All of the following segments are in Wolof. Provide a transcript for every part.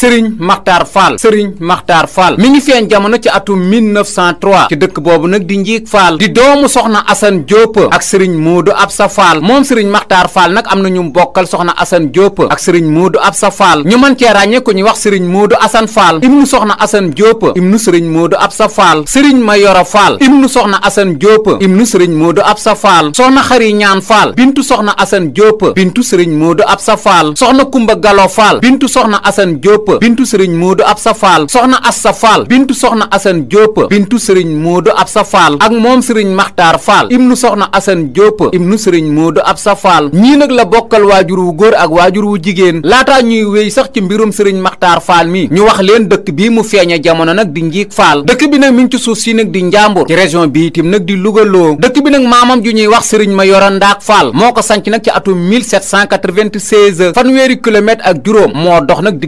Serigne Makhtar Fall Serigne Makhtar Fall mi ngi feeñ jamono ci atum 1903 ci dëkk boobu nag di Njiig faal di doomu soxna Assane Diop ak Serigne Modou Absa Fall moom Serigne Makhtar Fall nag am na ñu mbokkal soxna Assane Diop ak Serigne Modou Absa Fall ñu mën cee ràññee ku ñuy wax Serigne Modou Assane Fall ibnu soxna Assane Diop ibnu Serigne Modou Absa Fall Serigne Mayoro Fall ibnu soxna Assane Diop ibnu Serigne Modou Absa Fall soxna Xari Ñaan Fall bintu soxna Assane Diop bintu Serigne Modou Absa Fall soxna Kumba Galo Fall bintu soxna Assane Diop Diop bintu sëriñ Modou Absa Fall soxna Assa Fall bintu soxna Assane Diop bintu sëriñ Modou sa Fall ak moom sëriñ Makhtar Fall ibnu soxna Assane Diop ibnu sëriñ Modou sa Fall ñii nag la bokkal waajur wu góor ak waajur wu jigéen laataa ñuy wéy sax ci mbirum sëriñ Makhtar Fall mi ñu wax leen dëkk bi mu feeñe jamono nag di njiig Fall dëkk bi nag mi ngi si nag di Njàmbur ci région bi itam nag di Lugaloo dëkk bi nag maamam ju ñuy wax sëriñ ma yoro ndaak Fall moo ko sanc nag ci atum 1796 juróom moo dox nag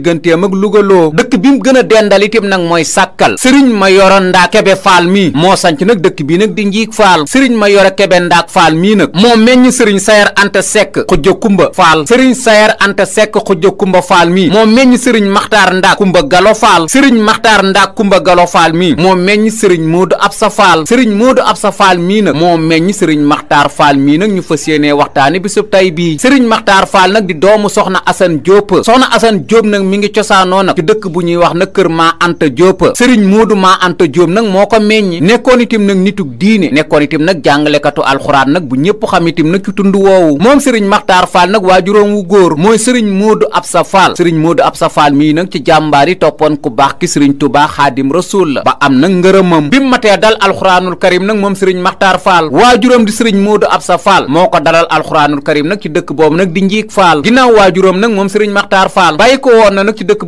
diwaanug lugaloo dëkk bi mu gën a dendal itam nag mooy sàkkal sëriñ ma yoro ndaa kebe faal mii moo sanc nag dëkk bii nag di njiig faal sëriñ ma yoro kebe ndaak faal mii nag moo meññ sëriñ sayar anta sekk xujja kumba faal sëriñ sayar anta sekk xujja kumba faal mii moo meññ sëriñ maxtaar ndaak kumba galo faal sëriñ maxtaar ndaak kumba galo faal mii moo meññ sëriñ moodu absa faal sëriñ moodu absa faal mii nag moo meññ sëriñ maxtaar faal mii nag ñu fas yéenee waxtaane bisub tay bii sëriñ maxtaar faal nag di doomu soxna asan jóob soxna asan jóob nag mi ngi cosaanoo nag ci dëkk bu ñuy wax nag kër maa anta Diop sëriñ Moodu ma anta Diop nag moo ko meññi nekkoon itam nag nitug diine nekkoon itam nag jàngalekatu alxuraan nag bu ñëpp xam itam nag ci tund woowu moom sëriñ Maxtaar Fall nag waajuróom wu góor mooy sëriñ Moodu sa Fall sëriñ Moodu sa Fall mii nag ci jàmbaar yi toppoon ku baax ki sëriñ Tuubaa Xaadim Rasuul la ba am nag ngërëmam bi mu matee dal alxuraanul karim nag moom sëriñ Maxtaar Fall waajuróom di sëriñ Moodu Absa Fall moo ko dalal alxuraanul karim nag ci dëkk boobu nag di njiig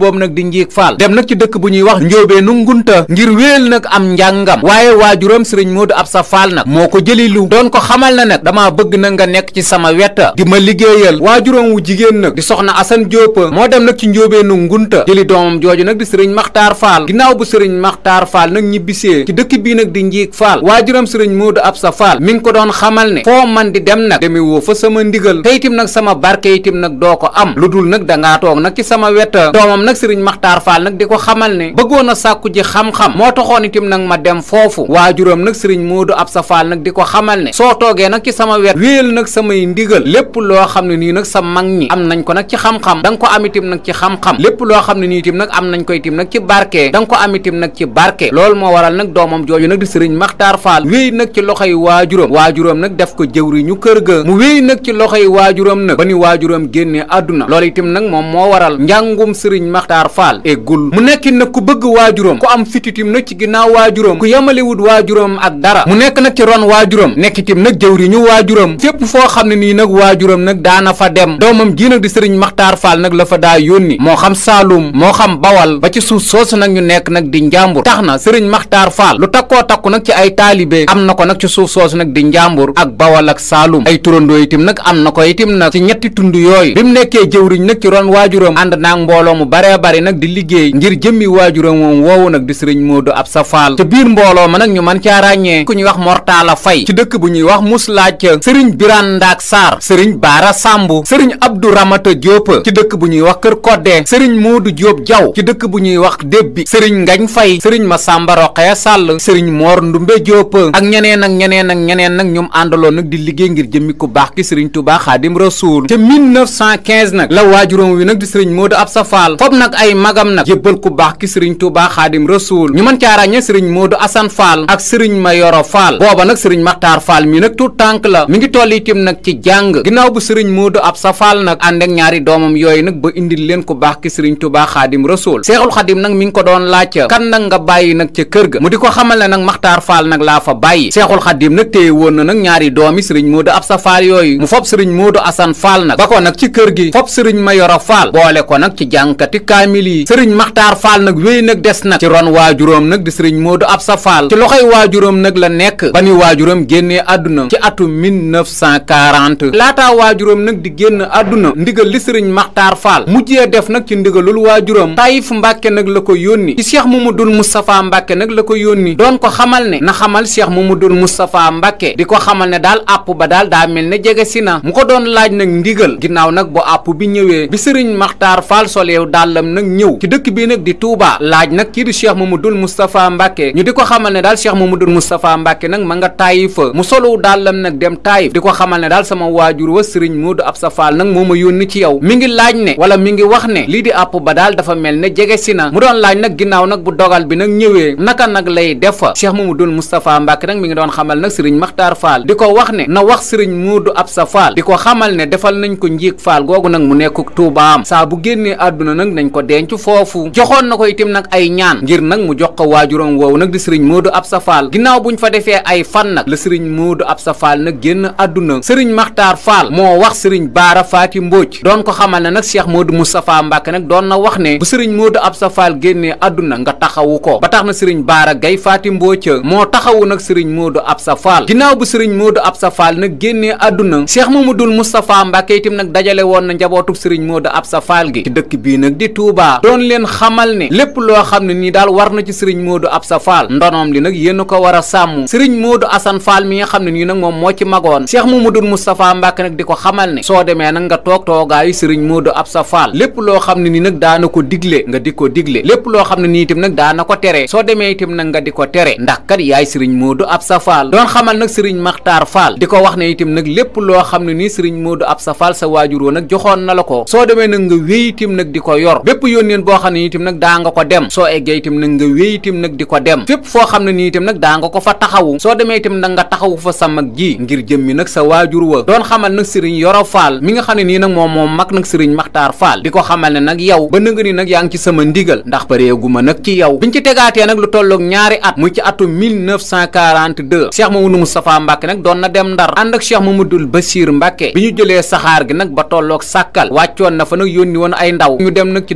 boobu nag di njiig faal dem nag ci dëkk bu ñuy wax nu ngunta ngir wéel nag am njàngam waaye waajuram sëriñ moodu ab sa faal nag moo ko jëli lu doon ko xamal na nag dama bëgg na nga nekk ci sama wetta di ma liggéeyal waajuram wu jigéen nag di soxna asan jóopa moo dem nag ci njóobeenu ngunta jëli doomam jooju nag di sëriñ maxtaar faal ginnaaw bu sëriñ maxtaar faal nag ñibbisee ci dëkk bii nag di njiig faal waajuram sëriñ moodu ab sa faal mi ngi ko doon xamal ne foo man di dem nag deme fa sama ndigal te nag sama barke nag doo ko am lu dul nag dangaa toog nag sëriñ maxtaar faal nag di ko xamal ne bëggoon a sàkku ji xam-xam moo taxoon itam nag ma dem foofu waajuram nag sëriñ moodu absa faal nag di ko xamal ne soo toogee nag ci sama wet wéyal nag samay ndigal lépp loo xam ne nii nag sa mag ñi am nañ ko nag ci xam-xam da ko am itam nag ci xam-xam lépp loo xam ne nii itam nag am nañ ko itam nag ci barke da nga ko am itam nag ci barke loolu moo waral nag doomam jooju nag di sëriñ maxtaar faal wéy nag ci loxoy waajuram waajuram nag def ko jëwriñu kër ga mu wéy nag ci loxoy waajuram nag ba ni waajuram génnee àdduna loolu itam nag moom moo Maxtaar Faal e gul mu nekkin nag ku bëgg waajuram ku am fititim nag ci ginnaaw waajuram ku yemalewut waajuram ak dara mu nekk nag ci ron waajuram nekkitim nag jëwriñu waajuram fépp xam ne nii nag waajuram nag daana fa dem doomam ji nag di sëriñ Maxtaar Faal nag la fa daa yónni moo xam Saalum moo xam Bawal ba ci suuf soosu nag ñu nekk nag di njàmbur tax na sëriñ Maxtaar Faal lu takkoo takku nag ci ay taalibe am na ko nag ci suuf soosu nag di njàmbur ak Bawal ak Saalum ay turandoo itim nag am na ko itim nag ci ñetti tund yooyu bi mu nekkee jëwriñ nag ci ron waajuram ànd naag mbooloo mu bare bare bari nag di liggéey ngir jëmmi waajuram moom woowu nag di sëriñ Modou Absa Fall ca biir mbooloo ma nag ñu man caa ràññee ku ñuy wax Mortala Fay ci dëkk bu ñuy wax Muslaaj ca sëriñ Biraan Ndaak Saar sëriñ Baara Sambu sëriñ Abdou Ramata Diop ci dëkk bu ñuy wax Kër Kodde sëriñ Modou Diop Jaw ci dëkk bu ñuy wax Débbi sëriñ Ngañ Fay sëriñ Masamba Roqee Sàll sëriñ Moor Ndumbe Diop ak ñeneen ak ñeneen ak ñeneen nag ñoom àndaloon nag di liggéey ngir jëmmi ku baax ki sëriñ Touba Xaadim Rasuul ca 1915 nag la waajuram wi nag di sëriñ Modou Absa Fall comme nag ay magam nag jébbal ku baax ki sëriñ Tuubaa Xaadim Rasuul ñu mën caa ràññee sëriñ Moodu Asan Faal ak sëriñ Mayoro Faal booba nag sëriñ Maxtaar Faal mi nag tuut tànk la mi ngi toll itam nag ci jàng ginnaaw bu sëriñ Moodu Absa Faal nag ànd ak doomam yooyu nag ba indil leen ku baax ki sëriñ Tuubaa Xaadim Rasuul Seexul Xaadim nag mi ngi ko doon laaj kan nag nga bàyyi nag ca kër ga mu ko xamal nag Maxtaar Faal nag laa fa bàyyi Seexul Xaadim nag téye woon na nag ñaari doomi sëriñ Moodu Absa Faal yooyu mu fob sëriñ Moodu Asan Faal nag ba nag ci kër gi fob ma yoro Faal boole ko nag ci jàngkati kaamil yi sëriñ maxtaar faal nag wéy nag des nag ci ron waajuróom nag di sëriñ moodu absa faal ci loxoy waajuróom la nekk ba ni waajuróom génnee àdduna ci atum 1940 laataa waajuróom nag di génn àdduna ndigal li sëriñ maxtaar faal mujjee def nag ci ndigalul waajuróom taayif mbàkke nag la ko yónni ci cheikh mamadul moustapha mbàkke nag la ko yónni doon ko xamal ne na xamal cheikh mamadul moustapha mbàkke di ko xamal ne daal àpp ba daal daa mel na jege si na mu ko doon laaj nag ndigal ginnaaw nag bu àpp bi ñëwee bi sëriñ maxtaar faal soleew daal sallam nag ñëw ci dëkk bii nag di Touba laaj nag kii di cheikh Mamadul Moustapha Mbacke ñu di ko xamal ne daal cheikh Mamadul Moustapha Mbacke nag ma nga taayif mu solow dàllam nag dem taayif di ko xamal ne daal sama waajur wa sëriñ Moodu Absa Fall nag moo ma yónni ci yow mi ngi laaj ne wala mi ngi wax ne lii di àpp ba daal dafa mel ne jege si na mu doon laaj nag ginnaaw nag bu dogal bi nag ñëwee naka nag lay def cheikh Mamadul Moustapha Mbacke nag mi ngi doon xamal nag sëriñ maxtaar faal di ko wax ne na wax mu sëriñ Moodu sa Fall di ko xamal ne defal nañ ko njiig Fall googu nag mu nekkuk Touba am saa àdduna nag nañ ko denc foofu joxoon na ko itam nag ay ñaan ngir nag mu jox ko waajuram woowu nag di sëriñ Modou Absa Fall ginnaaw buñ fa defee ay fan nag la sëriñ Modou Absa Fall nag génn àdduna sëriñ Makhtar Fall moo wax sëriñ Baara Faati Mbóoj doon ko xamal ne nag Cheikh Modou Moustapha Mbacke nag doon na wax ne sëriñ Modou Absa Fall génnee àdduna nga taxawu ko ba tax na sëriñ Baara Gay Faati Mbóoj moo taxawu nag sëriñ Modou Absa Fall ginnaaw bu sëriñ Modou Absa Fall nag génnee àdduna Cheikh Mamadou Moustapha Mbacke itam nag dajale woon na njabootub sëriñ Modou Absa Fall gi dëkk bii nag di Touba doon leen xamal ne lépp loo xam ne nii daal war na ci sëriñ Modou Absa Fall ndonoom li nag yéen ko war a sàmm sëriñ Modou Assane Fall mi nga xam ne nii nag moom moo ci magoon Cheikh Mamadou Moustapha Mbacke nag di ko xamal ne soo demee nag nga toog toogaayu sëriñ Modou Absa Fall lépp loo xam ne nii nag daana ko digle nga di ko digle lépp loo xam ne nii itam nag daana ko tere soo demee itam nag nga di ko tere ndax kat yaay sëriñ Modou Absa Fall doon xamal nag sëriñ maxtaar faal di ko wax ne itam nag lépp loo xam ne nii sëriñ Modou Absa Fall sa waajuroo nag joxoon na la ko soo demee nag nga wéy itam nag di ko yor bépp yónneen boo xam ne itam nag daa nga ko dem soo eggee itam nag nga wéy itam nag di ko dem fépp foo xam ne nii itam nag daa nga ko fa taxawu soo demee itam nag nga taxawu fa sa mag ji ngir jëmmi nag sa waajur wa doon xamal nag sëriñ Yoro Faal mi nga xam ne nii nag moom moom mag nag sëriñ Maxtaar Faal di ko xamal ne nag yow ba nga ni nag yaa ngi ci sama ndigal ndax pareegu ma nag ci yow biñ ci tegaatee nag lu tollook ñaari at mu ci atum 1942 Cheikh Mamadou Moustapha Mbacke nag doon na dem Ndar ànd ak Cheikh Mamadou Bassir Mbacke bi ñu jëlee saxaar gi nag ba tolloog sàkkal wàccoon na fa nag yónni woon ay ndaw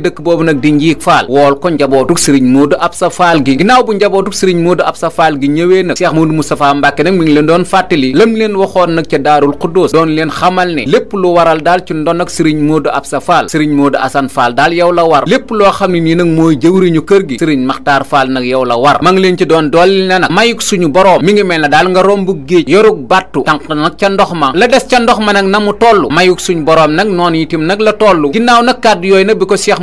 ci dëkk boobu nag di njiig faal wool ko njabootug sëriñ Modou Absa Fall gi ginnaaw bu njabootug sëriñ Modou Absa Fall gi ñëwee nag Cheikh Modou Moustapha Mbacke nag mi ngi leen doon fàttali lam leen waxoon nag ca daarul xuddoos doon leen xamal ne lépp lu waral daal ci ndon ak sëriñ Modou Absa Fall sëriñ Modou Assane Fall daal yow la war lépp loo xam ne nii nag mooy jëwriñu kër gi sëriñ Makhtar faal nag yow la war ma ngi leen ci doon dolli na nag mayuk suñu boroom mi ngi mel ne daal nga rombu géej yorug bàttu tànq nag ca ndox ma la des ca ndox ma nag na mu toll mayuk suñu boroom nag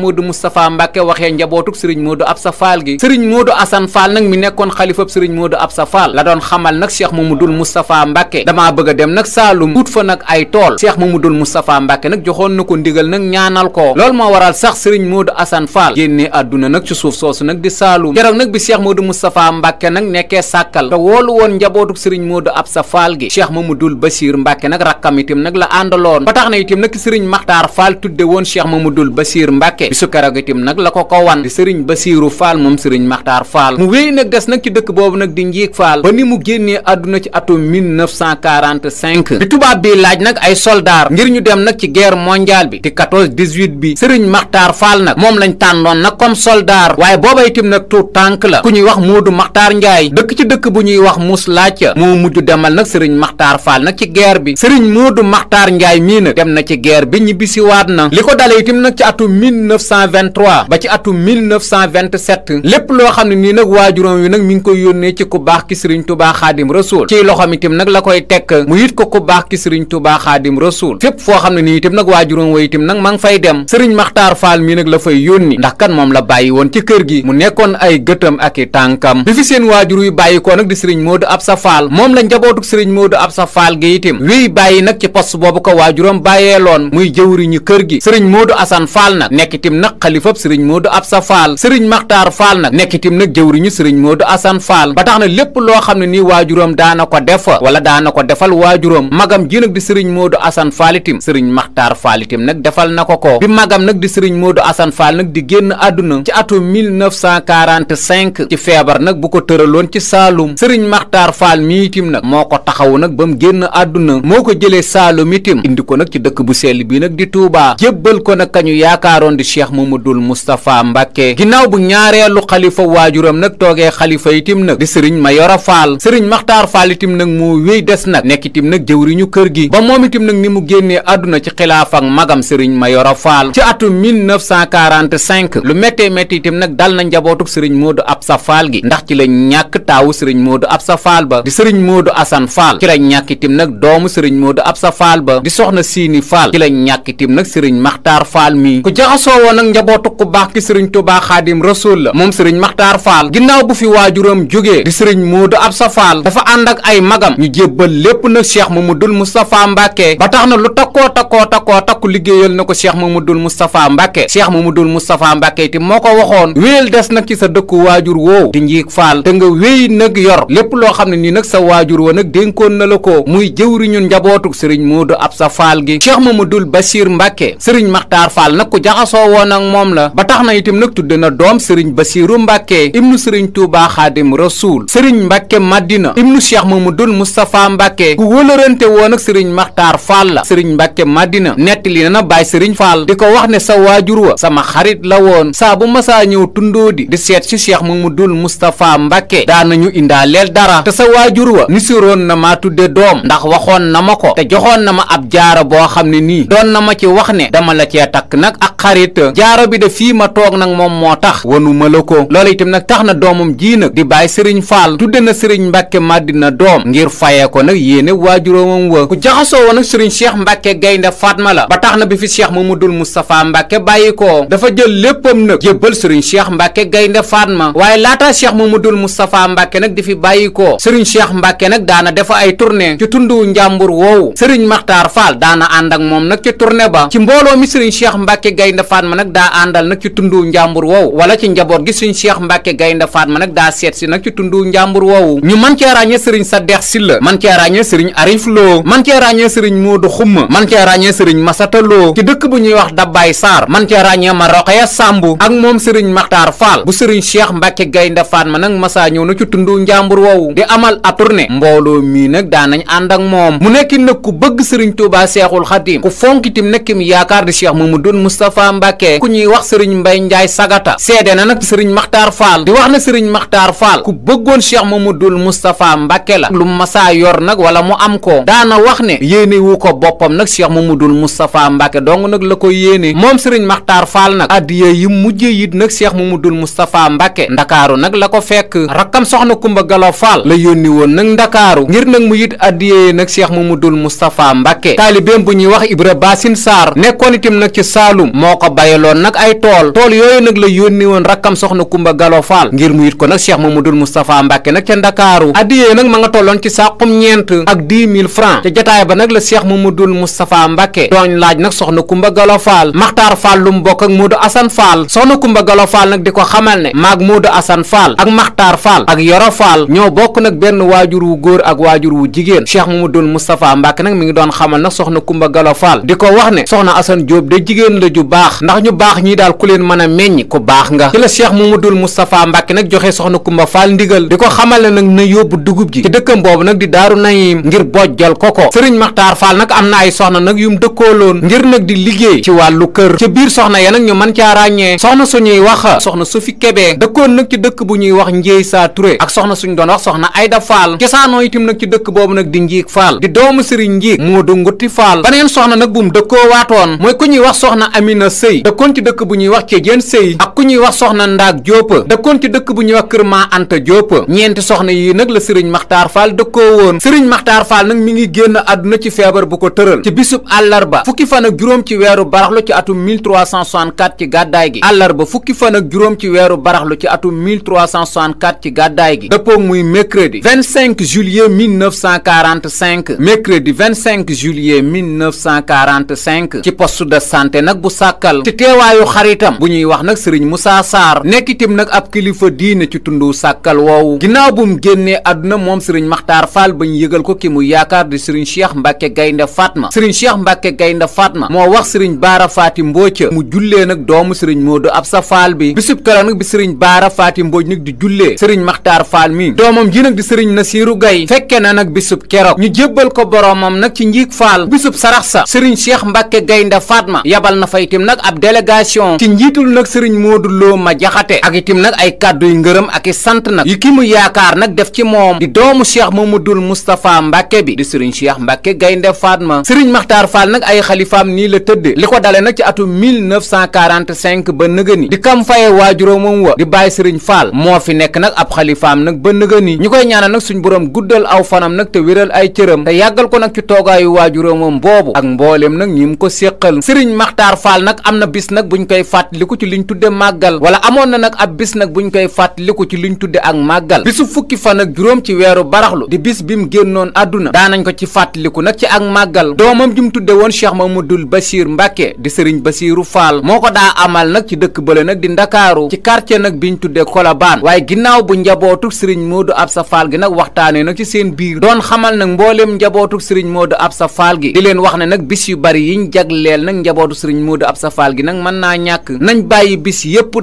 Modou Moustapha Mbacke waxee njabootug Serigne Modou Absa Fall gi Serigne Modou Assane Fall nag mi nekkoon xalifab Serigne Modou Absa Fall la doon xamal nag Cheikh Mamadou Moustapha Mbacke damaa bëgg a dem nag Saalum tuut fa nag ay tool Cheikh Mamadou Moustapha Mbacke nag joxoon na ko ndigal nag ñaanal ko loolu moo waral sax Serigne Modou Assane Fall génnee àdduna nag ci suuf soosu nag di Saalum keroog nag bi Cheikh Modou Moustapha Mbacke nag nekkee sàkkal te woolu woon njabootug Serigne Modou Absa Fall gi Cheikh Mamadou Bassir Mbacke nag rakkam itam nag la àndaloon ba tax na itam nag Serigne Makhtar Fall tudde woon Cheikh Mamadou Bassir Mbacke Mbàkke bisu keroog itam nag la ko ko wan di sëriñ Basiiru Faal moom sëriñ Maxtaar Faal mu wéy nag des nag ci dëkk boobu nag di njiig Faal ba ni mu génnee àdduna ci atum 1945 bi tubaab bi laaj nag ay soldaar ngir ñu dem nag ci guerre mondiale bi di 14 18 bi sëriñ Maxtaar Faal nag moom lañ tànnoon nag comme soldaar waaye booba itam nag tuut tànk la ku ñuy wax Moodu Maxtaar Njaay dëkk ci dëkk bu ñuy wax mus laajca moo mujj demal nag sëriñ Maxtaar Faal nag ci guerre bi sëriñ Moodu Maxtaar Njaay mii nag dem na ci guerre bi ñibbisiwaat na li 1923 ba ci atum 1927 lépp loo xam ne nii nag waajuróom wi nag mi ngi koy yónnee ci ku baax ki sëriñ tubaa xaadim rasuul ci loxom itam nag la koy tekk mu yit ko ku baax ki sëriñ tubaa xaadim rasuul fépp foo xam ne nii itam nag waajuróom wa itam nag ma ngi fay dem sëriñ maxtaar faal mii nag la fay yónni ndax kan moom la bàyyi woon ci kër gi mu nekkoon ay gëtam ak i tànkam bi fi seen waajur yu bàyyi ko nag di sëriñ moodu absa faal moom la njabootuk sëriñ moodu absa faal gi itam wiy bàyyi nag ci poste boobu ko waajuróom bàyyeeloon muy jëwriñu kër gi sëriñ moodu asan faal nag nekk itam nag xalifab sëriñ moodu absa faal sëriñ maxtaar Fall nag nekk itam nag jëwriñu sëriñ Modou Assane Fall ba tax na lépp loo xam ne nii waajuróom daana ko def wala daana ko defal waajuróom magam ji nag di sëriñ Modou Assane Fall itam sëriñ Makhtar Fall itam nag defal na ko ko bi magam nag di sëriñ Modou Assane Fall nag di génn àdduna ci atum 1945 ci feebar nag bu ko tëraloon ci Saalum sëriñ Makhtar Fall mii itam nag moo ko taxawu nag ba mu génn àdduna moo ko jëlee Saalum itim indi ko nag ci dëkk bu sell bii nag di Touba jébbal ko nag kañu yaakaaroon di Cheikh Mamadou Moustapha Mbacké ginnaaw bu ñaaree dellu xalifa waajuram nag toogee xalifa itim nag di sëriñ Mayora Faal sëriñ Maxtaar Faal itim nag moo wéy des nag nekk itim nag jëwriñu kër gi ba moom itim nag ni mu génnee àdduna ci xilaaf ak magam sëriñ Mayora Faal ci atum 1945 lu méttee métti itim nag dal na njabootuk sëriñ Moodu Absa Faal gi ndax ci la ñàkk taawu sëriñ Moodu Absa Faal ba di sëriñ Moodu Asan Faal ci la ñàkk itim nag doomu sëriñ Moodu Absa Faal ba di soxna Siini Faal ci la ñàkk itim nag sëriñ Maxtaar Faal mi ku moom sëriñ maxtaar faal ginnaaw bu fi waajuram jógee di sëriñ moodu ab faal dafa ànd ak ay magam ñu jébbal lépp nag cheikh mamadul moustapha mbàkke ba tax na lu takkoo takkoo takkoo takku liggéeyal na ko cheikh mamadul moustapha mbàkke cheikh mamadul moustapha mbàkke itam moo ko waxoon wéyal des nag ci sa dëkku waajur woow di faal te nga wéy nag yor lépp loo xam ne nii nag sa waajur wa nag dénkoon na la ko muy jëwriñu njabootu sëriñ moodu absa faal gi cheikh mamadul bachir mbàkke sëriñ maxtaar faal nag ko jaxasoo woon ak moom la ba tax na itam nag tudde na doom sëriñ basiiru mbàkke ibnu sëriñ tuuba xaadim rasuul sëriñ mbàkke madina ibnu cheikh mamadul mustapha mbàkke ku wóolërante woon ak sëriñ maxtaar faal la sëriñ mbàkke madina nettali na na baay sëriñ faal di ko wax ne sa waajur wa sama xarit la woon saa bu ma saa ñëw tundoodi di seet ci cheikh mamadul mustapha mbàkke daanañu indaaleel dara te sa waajur wa nisiroon na maa tudde doom ndax waxoon na ma ko te joxoon na ma ab jaaro boo xam ne nii doon na ma ci wax ne dama la cee takk nag ak xarit jaaro bi nag moom jëmale ko loolu itam nag tax na doomam ji nag di bàyyi sëriñ faal tudde na sëriñ mbàkke madina doom ngir fayee ko nag yéene waajuróomam wa ko jaxasoo woon nag sëriñ cheikh mbàkke gaynde fatma la ba tax na bi fi cheikh mamadul moustapha mbàkke bàyyi ko dafa jël léppam nag jébbal sëriñ cheikh mbàkke gaynde fatma waaye laataa cheikh mamadul moustapha mbàkke nag di fi bàyyi ko sëriñ cheikh mbàkke nag daana defa ay tournée ci tundu njàmbur woowu sëriñ maxtaar faal daana ànd ak moom mi sëriñ cheikh mbàkke gaynde fatma njaboot gi suñ cheikh mbàkke gaynde ma nag daa seet si nag ci tundu njàmbur woowu ñu man cee ràññee sëriñ sa deex si la man cee ràññee sëriñ arif loo man cee ràññee sëriñ moodu xumma man cee ràññee sëriñ masata loo ci dëkk bu ñuy wax dabbaay saar man cee ràññee ma roqaya sàmbu ak moom sëriñ maxtaar faal bu sëriñ cheikh mbàkke gaynde faatma nag masaa ñëw na ci tundu njàmbur woowu di amal ab tournée mbooloo mii nag daa nañ ànd ak moom mu nekkin nag ku bëgg sëriñ tuubaa seexul xadim ku fonkitim nekkim yaakaar di cheikh mamadou moustapha mbàkke ku ñuy wax sëriñ mbay njaay sagata seede na nag sëriñ maxtaar faal di wax ne sëriñ maxtaar faal ku bëggoon mu dul moustapha mbàkke la lu masaa yor nag wala mu am ko daana wax ne yéene wu ko boppam nag mu cheikh mamadul moustapha mbàkke dong nag la ko yéene moom sëriñ maxtaar faal nag addiya yi mujj yit nag mu cheikh mamadul moustapha mbàkke ndakaaru nag la ko fekk rakkam soxna kumba galo faal la yónni woon nag ndakaaru ngir nag mu yit addiyee nag cheikh mamadul moustapha mbàkke taalibeem bu ñuy wax ibra basin saar nekkoon itam nag soxna Kumba Galo Fall ngir mu yit ko nag Cheikh Mamadou Moustapha Mbacke nag ca Ndakaaru addiyee nag ma nga tolloon ci sàqum ñeent ak 10 la Cheikh Mamadou Moustapha Mbacke doon laaj nag soxna Kumba Galo Fall Maxtaar mu bokk ak Modou Assane Fall soxna Galo Fall nag di ko xamal ne maag Modou Assane Fall ak Maxtaar Fall ak Yoro Fall ñoo bokk nag benn waajur wu góor ak waajur wu jigéen Cheikh Mamadou Moustapha Mbacke nag mi ngi doon xamal nag soxna Kumba Galo Fall di ko wax ne soxna Assane Diop de jigéen la ju baax ndax ñu baax ñi daal ku leen mën a meññ ku baax nga ci la Cheikh Mamadou Moustapha Mbacke nag joxe soxna Kumba Fall ndigal di ko xamal ne nag na yóbbu dugub ji ci dëkkam boobu nag di daaru nayim ngir bojjal koko sëriñ Maxtaar Fall nag am na ay soxna nag yum dëkkooloon ngir nag di liggéey ci wàllu kër ca biir soxna ya nag ñu mën caa ràññee soxna suñuy wax soxna fi Kebe dëkkoon nag ci dëkk bu ñuy wax Njéy Saa Touré ak soxna suñ doon wax soxna Ayda Fall cosaanoo itam nag ci dëkk boobu nag di Njiig Fall di doomu sëriñ Njiig Moodu Ngutti Fall baneen soxna nag bu mu dëkkoo waatoon wax soxna Amina Sëy dëkkoon ci dëkk bu ñuy wax Céjeen Ndak Diop dëkkoon ci dëkk bu ñuy wax kër maa Anta Diop ñeenti soxna yi nag la Serigne Makhtar Fall dëkkoo woon Serigne Makhtar Fall nag mi ngi génn àdduna ci feebar bu ko tëral ci bisub àllarba fukki fan ak juróom ci weeru baraxlu ci atum 1364 ci gàddaay gi àllarba fukki fan ak juróom ci weeru baraxlu ci atum 1364 ci gàddaay gi dëppoog muy mercredi 25 juillet 1945 mercredi 25 juillet 1945 ci post de santé nag bu sàkkal ci teewaayu xaritam bu ñuy wax nag Serigne Moussa Sarr nekk itam nag ab kilifa diine ci tundu sàkkal woowu ginnaaw bu mu génnee àdduna moom sëriñ maxtaar faal ba ñu yëgal ko ki mu yaakaar di sëriñ cheikh mbàkke gaynde faatma sëriñ cheikh mbàkke gaynde faatma moo wax sëriñ baara faati mbooca mu jullee nag doomu sëriñ moodu sa faal bi bisub keroog nag bi sëriñ baara faati mbooj nag di jullee sëriñ maxtaar faal mii doomam ji nag di sëriñ nasiiru gay fekke na nag bisub keroog ñu jébbal ko boroomam nag ci njiig faal bisub sarax sa sëriñ cheikh mbàkke gaynde faatma yabal na fa nag ab délégation ci njiitul nag sëriñ moodu jaxate ak itim nag ay kàddu yu ngërëm ak i sant nag yu ki mu yaakaar nag def ci moom di doomu cheikh mamadul moustapha mbàkke bi di sëriñ cheikh mbàkke gaynde faatma sëriñ maxtaar faal nag ay xalifaam nii la tëdd li ko dale nag ci atum 1945 ba nëgëni di kam faye waajuróomam wa di bàyyi sëriñ faal moo fi nekk nag ab xalifaam nag ba nëgëni ñu koy ñaanal nag suñ borom guddal aw fanam nag te wéral ay cëram te yàggal ko nag ci toogaayu waajuróomam boobu ak mbooleem na bis nag buñ koy fàttaliku ci liñ amoon na nag ab bis nag bu ñu koy fàttaliku ci ñu tudde ak màggal bisu fukki fan ak juróom ci weeru baraxlu di bis bi mu génnoon àdduna daanañ ko ci fàttaliku nag ci ak màggal doomam ji mu tudde woon cheikh mamadul bachir mbàkke di sëriñ basiiru faal moo ko daa amal nag ci dëkk bale nag di ndakaaru ci quartier nag bi biñ tudde kolobaan waaye ginnaaw bu njabootu sëriñ moodu sa faal gi nag waxtaanee nag ci seen biir doon xamal nag mbooleem njabootu sëriñ moodu absa faal gi leen wax ne nag bis yu bari yiñ jagleel nag njabootu sëriñ moodu absa faal gi nag mën naa ñàkk nañ bàyyi bis yépp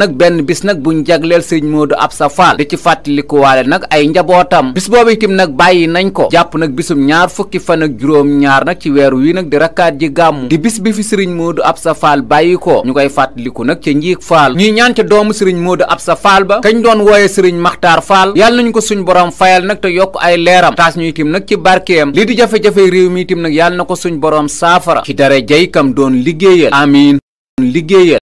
nag benn bis nag buñ jagleel sëriñ Modou Absa Fall di ci fàttalikuwaale nag ay njabootam bis boobu itam nag bàyyi nañ ko jàpp nag bisum ñaar fukki fan ak juróom-ñaar nag ci weeru wi nag di rakkaat ji gàmmu di bis bi fi sëriñ Modou Absa Fall bàyyi ko ñu koy fàttaliku nag ci njiig faal ñuy ñaan ca doomu sëriñ Modou Absa Fall ba kañ doon wooye sëriñ maxtaar Fall yàlla nañ ko suñ boroom fayal nag te yokk ay leeram taas ñu itam nag ci barkeem lii di jafe-jafe réew mi nag yàlla na ko suñ borom saafara ci dara jay doon liggéeyal amiin liggéeyal